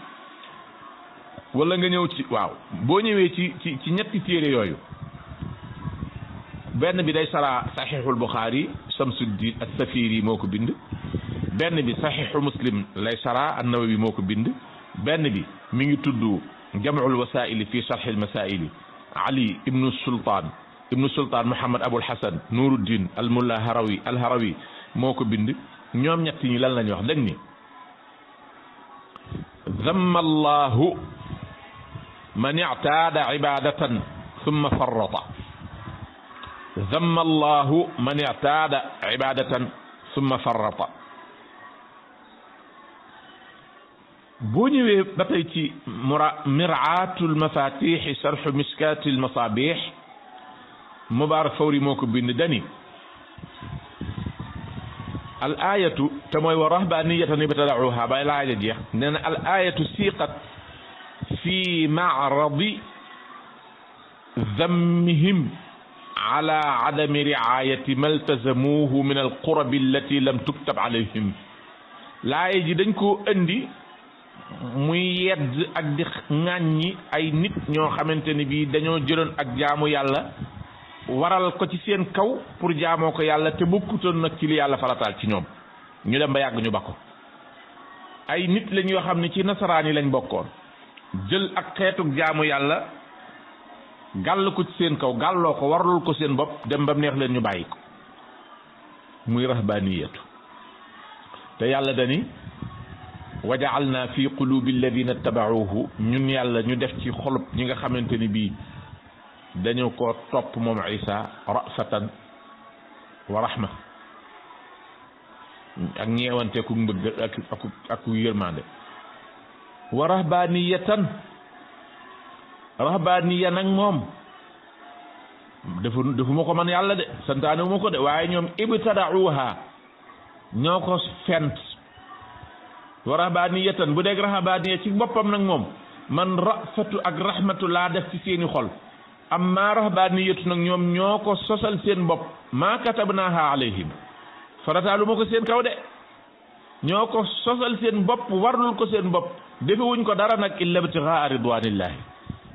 wala nga ñëw ci waaw bo ñewé ci ci ñetti tere yoyu benn bi day saraa saxiixul buxaari samsuddin ak safiir yi moo ko bind benn bi saxiixu muslim lay saraa annawawi moo ko bind benn bi mi ngi tudd jamcul wasaili fi sarxil masaili ali ibnu sultan ibnu sultan muhammad abul hasan nuruddin almulla harawi alharawi moo ko bind ñoom ñett ñi lan lañ wax dañ ni damma allahu man ictaada ibadatan summa farrata ذم الله من اعتاد عبادة ثم فرط بني بطيتي مرعاة المفاتيح شرح مسكات المصابيح مبار فوري موك دني الآية تموي ورهبانية نبتدعوها بأي الآية دي لأن الآية سيقت في معرض ذمهم ala adami riayati maltazamuhu min alqurabi allati lam tuktab alayhim laaye ji dañ koo indi muy yedd ak di ŋàññi ay nit ñoo xamante ni bii dañoo jëloon ak jaamu yàlla waral ko ci seen kaw pour jaamoo ko yàlla te bokkutoon nag ci li yàlla farataal ci ñoom ñu dem ba yàgg ñu ba ko ay nit lañ yoo xam ne ci nasaraan yi lañ bokkoon jël ak xeetu jaamu yàlla gàll ko ci seen kaw gàlloo ko warlul ko seen bopp dem ba mu neex leen ñu bàyyi ko muy rahbaniyatu te yàlla dani wajaalna fi qulubi alladina tabauhu ñun yàlla ñu def ci xolub ñi nga xamante ni bii dañu ko topp moom isa rafatan wa rahma ak ñeewante ku mbëgg ak ak ak yërmande wa rahbaniyatan rahbaaniya nag moom defu defuma ko man yàlla de santaane wu ko de waaye ñoom ibtadauha ñoo ko fent wa rahbaaniya tan bu dee rahbaaniya ci boppam nag moom man rafatu ak rahmatu laa def ci seeni xol amma rahbaaniyatu nag ñoom ñoo ko sosal seen bopp maa katabnaaha alayhim farataalu ma ko seen kaw de ñoo ko sosal seen bopp warlul ko seen bopp defewuñ ko dara nag illa ibtigaa ridwaanillahi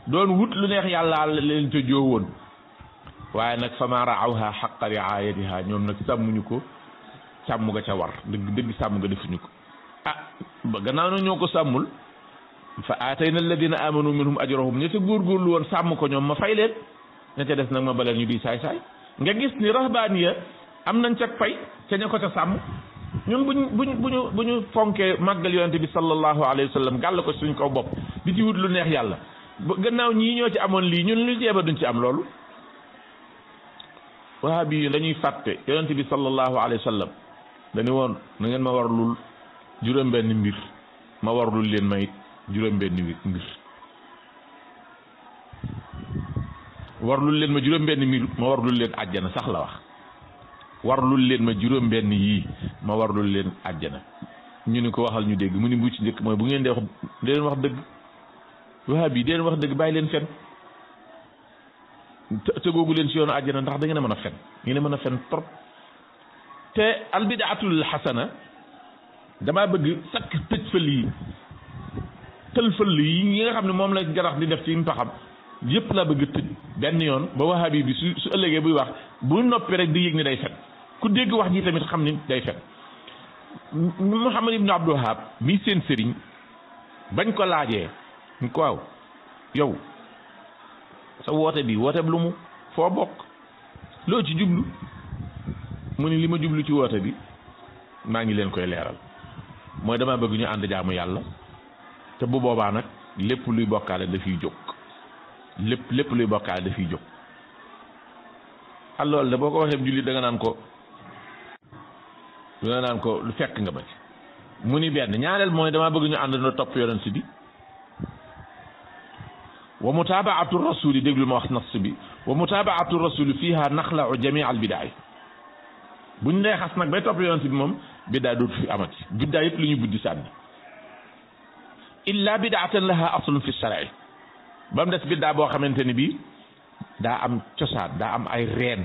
doon wut lu neex yàlla leen ca joo waaye nag fama raawha xaqa riayatiha ñoom nag sàmmuñu ko sàmm nga ca war dëgg dëgg sàmm nga defuñu ko ah gannaaw na ñoo ko sàmmul fa aatayna alladina amanu minhum ajrahum ña ca góorgóorlu woon sàmm ko ñoom ma fay leen ña ca des nag ma baleen ñu di saay nga gis ni rahbaaniya am nañ ca pay ca ña ko ca sàmm ñun buñ buñ ñu bu ñu fonkee màggal yonente bi sallallahu alayhi wa sallam gàll ko suñ kaw bopp di ci wut lu neex yàlla gannaaw ñii ñoo ci amoon lii ñun lu jeeba duñ ci am loolu wahabi yi dañuy fàtte yonent bi sallallahu alayhi wa sallam dañu woon na ma warlul juróom mbir ma warlul leen may juróom-benn mbir leen ma juróom-benn mbir ma warlul leen àjjana sax la wax warlul leen ma juróom-benn yii ma warlul leen àjjana ñu ni ko waxal ñu dégg mu ni bu ci njëkk mooy bu ngeen dee wax di leen wax dëgg wahaab yi deen wax dëgg bàyyi leen fen tëgoogu leen si yoonu àjjana ndax da ngeen mën a fen ngeen a mën a fen trop te albidaatul xasana damaa bëgg sakk tëj fël yi tël fël yi ñi nga xam ne moom la jarax di def ci mpaxam yëpp laa bëgg tëj benn yoon ba wahaab yi bi su ëllëgee buy wax bu noppi rek di yëg ni day fen ku dégg wax ji tamit xam ni day fen Muhammad ibnu Abdul Wahab mi seen sëriñ bañ ko laajee ñu ko waaw yow sa woote bi woote lu mu foo bokk loo ci jublu mu ni li ma jublu ci woote bi maa ngi leen koy leeral mooy dama bëgg ñu ànd jaamu yàlla te bu boobaa nag lépp luy bokkaale dafiy jóg lépp lépp luy bokkaale dafiy jóg allool de boo ko waxee jullit da nga naan ko da nga naan ko lu fekk nga ma ci mu ni benn ñaareel mooy dama bëgg ñu ànd na topp si bi ومتابعة الرسول دقل ما أخذ نص بي ومتابعة الرسول فيها نخلع جميع البداية بندى خسنك بيتا بريانسي بمم بدا دور في أمتي بدا يبلي يبدي سامي إلا بدعة لها أصل في الشرع بام دس بدا بو خمنتني بي دا أم تشاد دا أم أي رين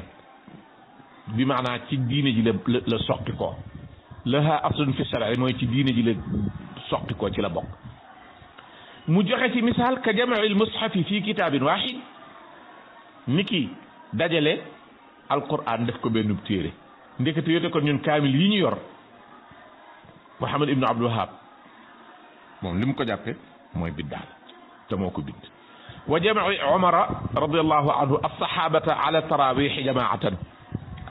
بمعنى تي دين جي لسوقكو لها أصل في الشرع موي تي دين جي لسوقكو تي لبوك mu joxe ci misaal ka jamail mushafi fii kitaabin waahid niki dajale alquran def ko benn téere ndekete yote kon ñun kaamil yi ñu yor Muhammad ibnu Abdul Wahab moom li mu ko jàppe mooy biddaal te moo ko bind wa jamacu Umara radiallahu anhu alsahabata ala tarawixi jamaatan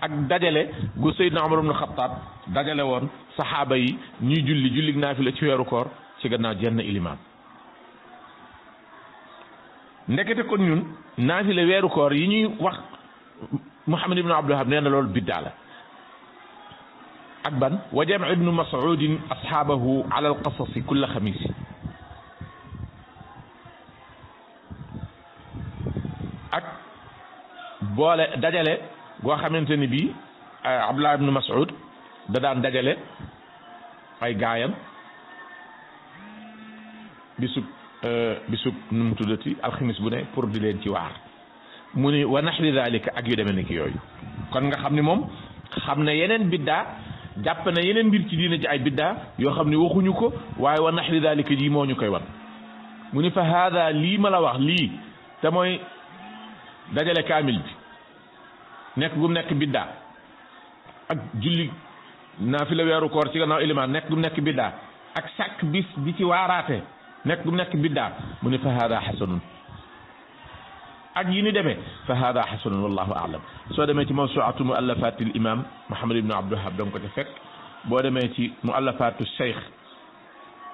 ak dajale gu Seydina Umar ibnu Xattaab dajale woon saxaaba yi ñuy julli julli naafila ci weeru koor ci gannaaw jenn ilimaan ndekete kon ñun naafile weeru koor yi ñuy wax Muhammad ibnu Abdul Wahab nee na loolu biddaa ak ban wa jama ibnu masudin ashaabahu ala alqasasi kulla xamisi ak boole dajale goo xamante ni bii abdullah ibnu masud da daan dajale ay gaayam bisub Euh, bisub nu mu tuddati alxamis bu ne pour di leen ci waar mu ni wa naxri dalika ak yu demee ni ki yooyu kon nga xam ni moom xam na yeneen biddaa jàpp na yeneen mbir ci diina ci ay biddaa yoo xam ni waxuñu ko waaye wa naxri dalika ji moo ñu koy wan mu ni fa haada lii ma la wax lii te mooy dajale kaamil bi nekk gum nekk biddaa ak julli naa fi ci gannaaw ilimaan nekk gum nekk biddaa ak sàkk bis di ci waaraate nek gum nek bidda mu ne fa hada xasanun ak yini deme fa hada xasanun wallahu alam so deme ci mawsuatu mu'allafat al imam Muhammad ibn abd al da nga ko ca fekk boo demee ci al-shaykh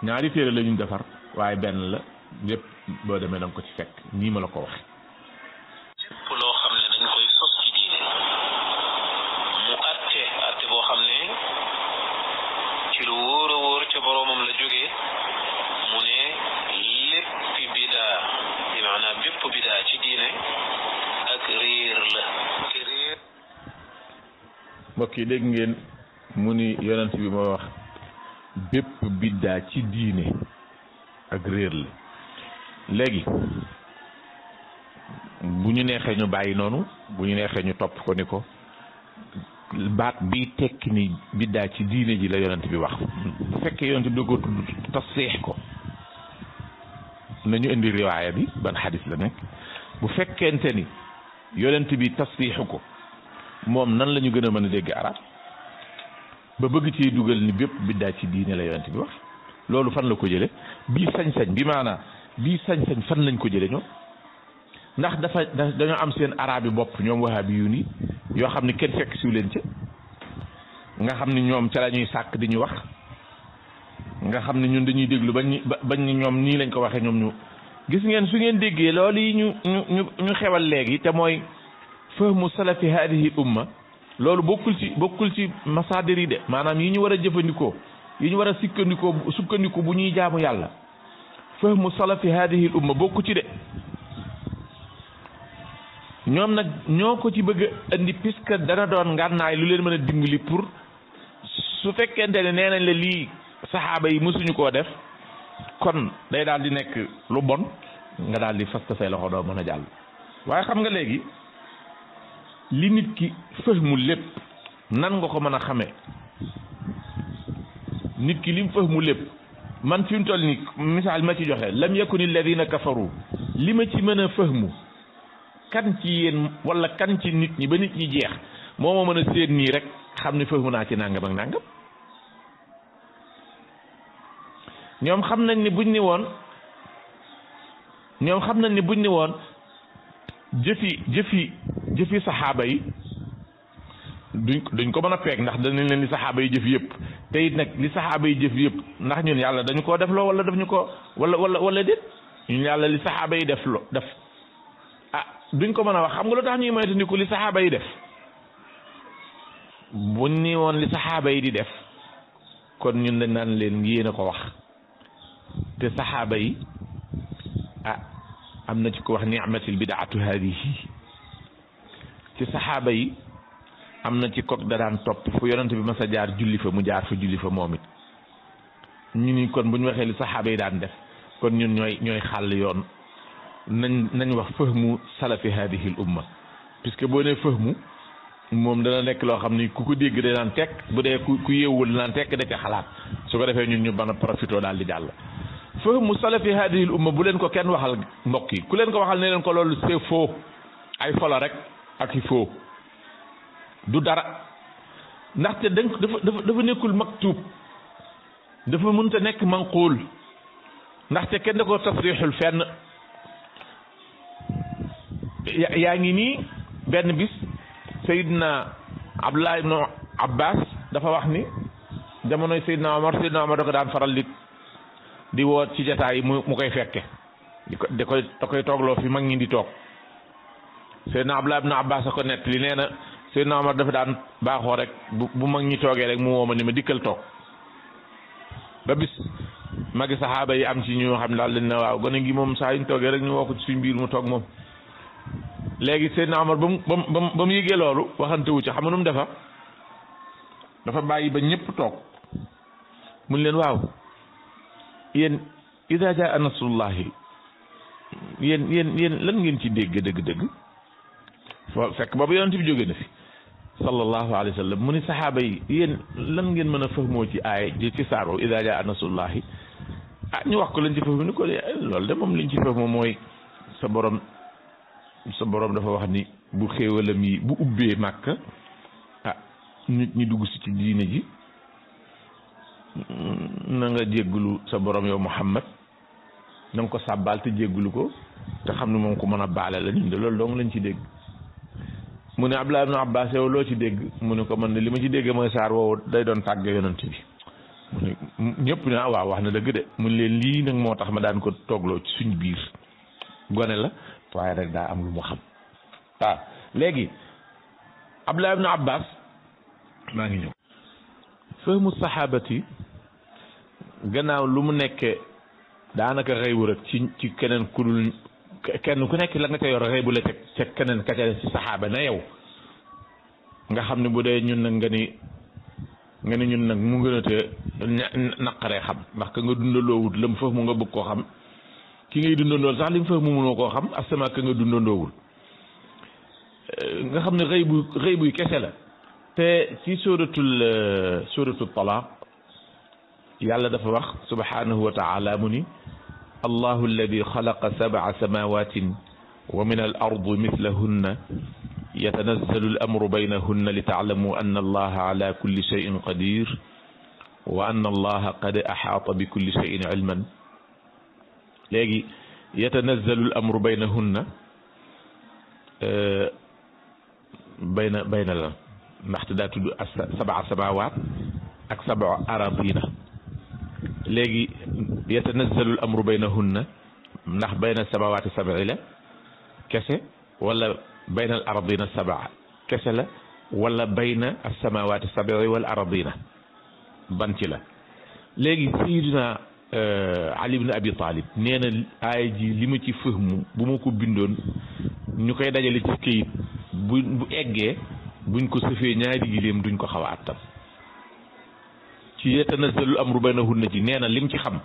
ñaari téere lañu defar waye ben la lépp bo deme da ko ci fek ni ma la ko waxe mbokk yi dégg ngeen mu ni yonent bi moo wax bépp biddaa ci diine ak réer la léegi bu ñu neexee ñu bàyyi noonu bu ñu neexee ñu topp ko ni ko baat bi tekki ni biddaa ci diine ji la yonent bi wax bu fekkee yonent bi ko tudd tasxiix ko nañu indi riwaaya bi ban xadis la nekk bu fekkente ni yonent bi tasxiixu ko moom nan la ñu gën a mën a dégg arab ba bëgg ci dugal ni bépp biddaa ci diine la yonent bi wax loolu fan la ko jële bii sañ-sañ bi maanaa bii sañ-sañ fan lañ ko jële ñoom ndax dafa dañoo am seen arab yi bopp ñoom wahabi yu nii yoo xam ni kenn fekk siw leen ci nga xam ni ñoom ca la ñuy sàkk di ñu wax nga xam ne ñun dañuy déglu bañ bañ ni ñoom nii lañ ko waxee ñoom ñu gis ngeen su ngeen déggee loolu yi ñu ñu ñu xewal léegi te mooy fahmu salafi hadihi umma loolu bokkul ci bokkul ci masaadir yi de maanaam yi ñu war a jëfandikoo yi ñu war a sikkandikoo sukkandiku bu ñuy jaamu yàlla fahmu salafi hadihi umma bokku ci de ñoom nag ñoo ko ci bëgg a indi puisque dana doon ngànnaay lu leen mën a dimbali pour su fekkente ne nee nañ la lii saxaaba yi mësuñu koo def kon day daal di nekk lu bon nga daal di fas say loxo doo mën a jàll waaye xam nga léegi li nit ki fëhmu lépp nan nga ko mën a xamee nit ki lim fëhmu lépp man fi mu toll ni misaal ma ci joxe lam yakuni alladina kafaru li ma ci mën a fëhmu kan ci yéen wala kan ci nit ñi ba nit ñi jeex moo ma mën a séen nii rek xam ne fëhmu naa ci nangam ak nangam ñoom xam nañ ni buñ ni woon ñoom xam nañ ni buñ ni woon jëfi jëf jëfi saxaaba yi duñ duñ ko mën a peeg ndax danañ leen li saxaaba yi jëf yëpp te nag li saxaaba yi yëpp ndax ñun yàlla dañu koo def loo wala daf ñu ko wala wala wala déet ñun yàlla li saxaaba yi def lo def ah duñ ko mën a wax xam nga lu tax ñuy moytandiku li saxaaba yi def buñ ni woon li saxaaba yi di def kon ñun dañ naan leen yéen a ko wax te saxaaba yi ah amna ci ko wax ni'matil bidatu hadhihi ci sahaba yi amna ci kog da dan top fu yonent bi mas a jaar julli fa mu jaar fa julli fa momit ñu ni kon buñ waxe li sahaba yi dan def kon ñun ñoy ñoy xal yoon nañ nañ wax fahmu salaf hadhihi al umma puisque bo ne fahmu mom dana nekk loo xam ni ku ko dégg danaan tekk bu dee ku yewul yeewul tek da ca xalat su ko defé ñun ñu bana profito dal di jàll fahmu salafi hadihi l umma bu leen ko kenn waxal mbokk yi ku leen ko waxal ne leen ko loolu c'est faux ay fola rek ak i faux du dara ndaxte da dafa dafa dafa nekkul maktub dafa mënta nekk manquul ndaxte kenn da ko tasrixul fenn yaa ngi nii benn bis Seydina Abdullah ab Abbas dafa wax ni jamonoy Seydina Omar Seydina Omar da ko daan faral di di woot ci jataay yi mu mu koy fekke di ko di koy da koy toogloo fi mag ñi di toog Seydina Abdullah ibn Abbas a ko nett li nee na Seydina Omar dafa daan baaxoo rek bu bu mag ñi toogee rek mu woo ma ni ma dikkal toog ba bis magi saxaaba yi am ci ñu xam daal dañ ne waaw gone gi moom saa yuñ toogee rek ñu woo ci suñ biir mu toog moom léegi Seydina Omar ba mu ba mu ba mu yëgee loolu waxantewu ci xam nga nu defa dafa bàyyi ba ñëpp toog mu leen waaw yéen ida jaa nasrullahi yéen yéen yéen lan ngeen ci dégg dëgg-dëgg fekk boobu yonent bi jóge na fi sallallahu alayhi wa sallam mu ni saxaaba yi yéen lan ngeen mën a fahmoo ci aay ji ci saaro ida jaa nasrullahi ah ñu wax ko lañ ci fahmu ni ko loolu de moom liñ ci fahmu mooy sa borom sa boroom dafa wax ni bu xéewalam yi bu ubbee màkk ah nit ñi dugg si ci diine ji na nga jégglu sa boroom yow Muhammad na nga ko sàbbaal te jégglu ko te xam ne moom ko mën a baale la ñun de loolu dong lañ ci dégg mu ne Abdullah ibn Abbas yow loo ci dégg mu ne ko mën ne li ma ci dégg mooy saar woowu day doon tàgge yonent bi mu ne ñëpp ne ah wax na dëgg de mu leen lii nag moo tax ma daan ko toogloo ci suñ biir gone la waaye rek daa am lu mu xam waaw ah, léegi Abdullah ibn Abbas maa ngi ñëw gannaaw lu mu nekk daanaka xëybu rek ci ci keneen ku dul kenn ku nekk la nga ca yor xëybu la teg ca keneen ka ca ci saxaaba na yow nga xam ne bu dee ñun nag nga ni nga ni ñun nag mu gën a te naqaree xam ndax ka nga dundandoo wut lam mu foofu mu nga bëgg koo xam ki ngay dundandool sax lim mu foofu mu mënoo koo xam asama ka nga wul nga xam ne xëybu xëybuy kese la te ci suratul suratul talaq يالا دا فاخ سبحانه وتعالى مني الله الذي خلق سبع سماوات ومن الارض مثلهن يتنزل الامر بينهن لتعلموا ان الله على كل شيء قدير وان الله قد احاط بكل شيء علما لجي يتنزل الامر بينهن آه، بين بين سبع سماوات اك سبع عربينه لجي يتنزل الأمر بينهن نح بين السماوات السبع إلى كسر ولا بين الأرضين السبع كسر ولا بين السماوات السبع والأرضين بنتلا لجي سيدنا آه، علي بن أبي طالب نين الأيدي لمتي فهم بموكو بندون نكيد على لتكيد بو إجع بنكو سفينة دي جليم دنكو خواتم ci yetanazalul amru baynahunna ji nee na lim ci xam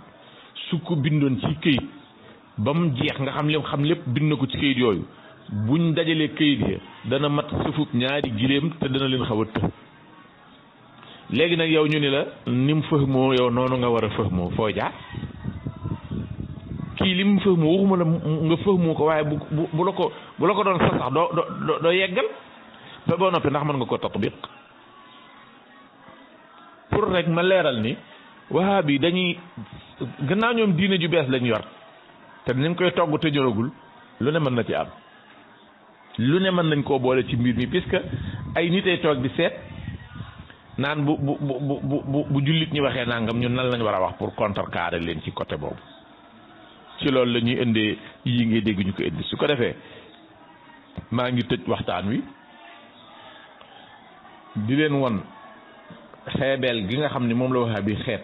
su ko bindoon ci këyit ba mu jeex nga xam lim xam lépp bind na ko ci këyit yooyu buñ dajalee këyit ya dana mat sëfub ñaari giléem te dana leen xaw a léegi nag yow ñu ni la ni mu fëhmoo yow noonu nga war a fëhmoo foo jaar kii li mu fëhmoo waxuma la nga fëhmoo ko waaye bu bu la ko bu la ko doon sax sax doo doo yeggal ba boo noppi ndax mën nga ko tatbiq pour rek ma leeral ni wahaabi dañuy gannaaw ñoom diine ju bees lañ yor te ni koy togg te ñoragul lu ne mën na ci am lu ne mën nañ koo boole ci mbir mi puisque ay nit ay toog di seet naan bu bu bu bu bu jullit ñi waxee nangam ñun nan lañ war a wax pour contrecarrer leen ci côté boobu ci loolu la ñuy indee yi ngay dégg ñu ko indi su ko defee maa ngi tëj waxtaan wi di leen won xeebeel gi nga xam ni moom la wahabi xeet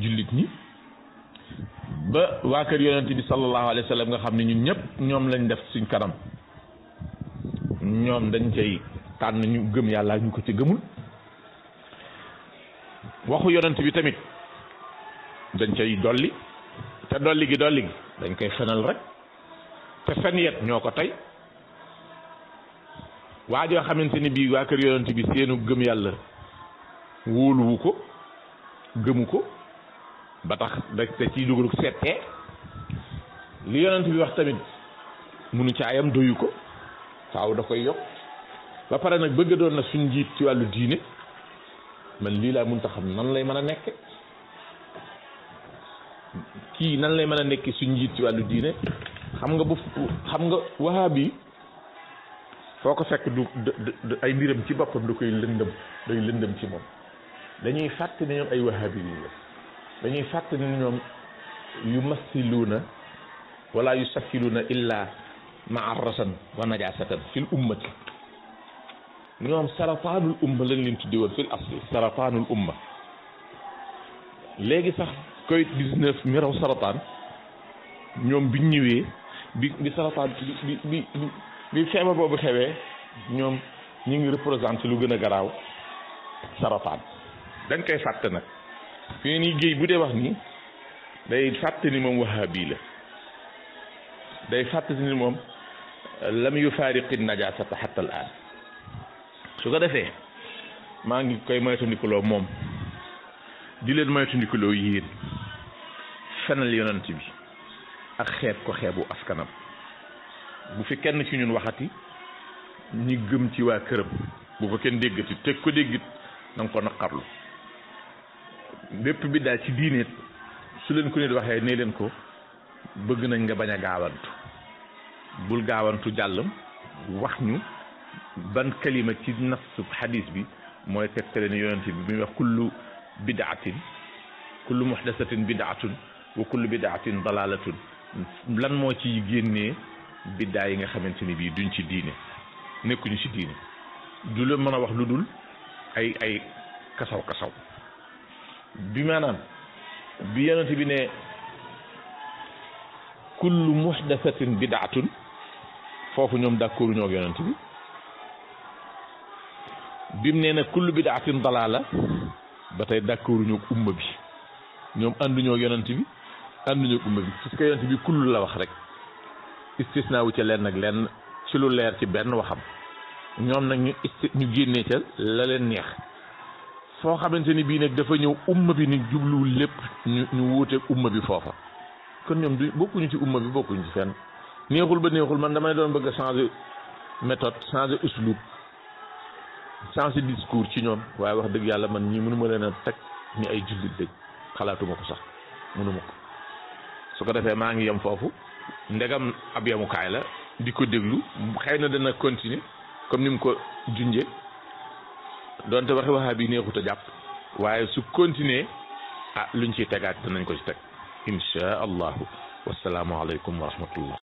jullit ñi ba waa kër yonent bi sallallahu alayhi wa sallam nga xam ne ñun ñëpp ñoom lañ def suñ kanam ñoom dañ cay tànn ñu gëm yàlla ñu ko ci gëmul waxu yonent bi tamit dañ cay dolli te dolli gi dolli gi dañ koy fenal rek te fen yet ñoo ko tey waa joo xamante ni bii waa kër yonent bi seenu gëm yàlla wóoluwu ko gëmu ko ba tax da da ciy dugalu settee li yonent bi wax tamit munu caayam doyu ko faaw da koy yokk ba pare nag bëgg doon na suñ njiit ci wàllu diine man lii laa mënta xam nan lay mën a nekk kii nan lay mën a nekke suñ njiit ci wàllu diine xam nga bu xam nga wahabi foo ko fekk du ay mbiram ci boppam du koy lëndëm day lëndëm ci moom dañuy fàtte ne ñoom ay wahabi yi la dañuy fàtte ne ñoom yu massiluuna wala yu sakkiluuna illa maa rasan wa najaasatan fil ummati ñoom sarataanul umma lañ leen tuddi woon fil asli sarataanul umma léegi sax covid 19 mi raw sarataan ñoom biñ ñëwee bi bi sarataan bi bi bi feebar boobu xewee ñoom ñu ngi représenté lu gën a garaaw sarataan da nga koy fàtte nag fi ne nii géej bu dee wax nii day fàtte ni moom wahabi la day fàtte ni moom lam yu faariqi najasata xatta al aan su ko defee maa ngi koy moytandikuloo moom di leen moytandikuloo yéen fenal yonent bi ak xeet ko xeebu askanam bu fi kenn ci ñun waxati ñi gëm ci waa këram bu ko kenn déggati teg ko déggit na nga ko naqarlu bépp biddaa ci diineet su leen ko nit waxee nee leen ko bëgg nañ nga bañ a gaawantu bul gaawantu jàll wax ñu ban kalima ci nafsu xadis bi mooy tegtale ni yonent bi bi muy wax kullu bidaatin kullu muxdasatin bidaatun wa kullu bidaatin dalaalatun lan moo ci génnee biddaa yi nga xamante ni bii duñ ci diine nekkuñu ci diine du la mën a wax lu dul ay ay kasaw kasaw bi maanaam bi yonent bi ne kullu muhdasatin bidaatun foofu ñoom d'accord ñoo yonent bi bi mu nee na kullu bidaatin dalaala ba tey d'accord ñoo umma bi ñoom ànduñoo yonent bi ànduñoo umma bi parce que bi kullu la wax rek istisnaa wu ca lenn ak lenn ci lu leer ci benn waxam ñoom nag ñu isti ñu génnee ca la leen neex foo xamante ni bii nag dafa ñëw umma bi ni jubluwul lépp ñu ñu wuuteeg umma bi foofa kon ñoom du bokkuñu ci umma bi bokkuñu ci fenn neexul ba neexul man damay doon bëgg a changer méthode changer uslub changer discours ci ñoom waaye wax dëgg yàlla man ñi mënuma leen a teg ni ay jullit dëgg xalaatuma ko sax mënuma ko su ko defee maa ngi yem foofu ndegam ab yemukaay la di ko déglu xëy na dana continuer comme ni mu ko junjee donte waxi waxaa bi neexut a jàpp waaye su continuer ah luñ ci tegaat nañ ko ci teg wa allahu wasalaamualeykum wa rahmatullah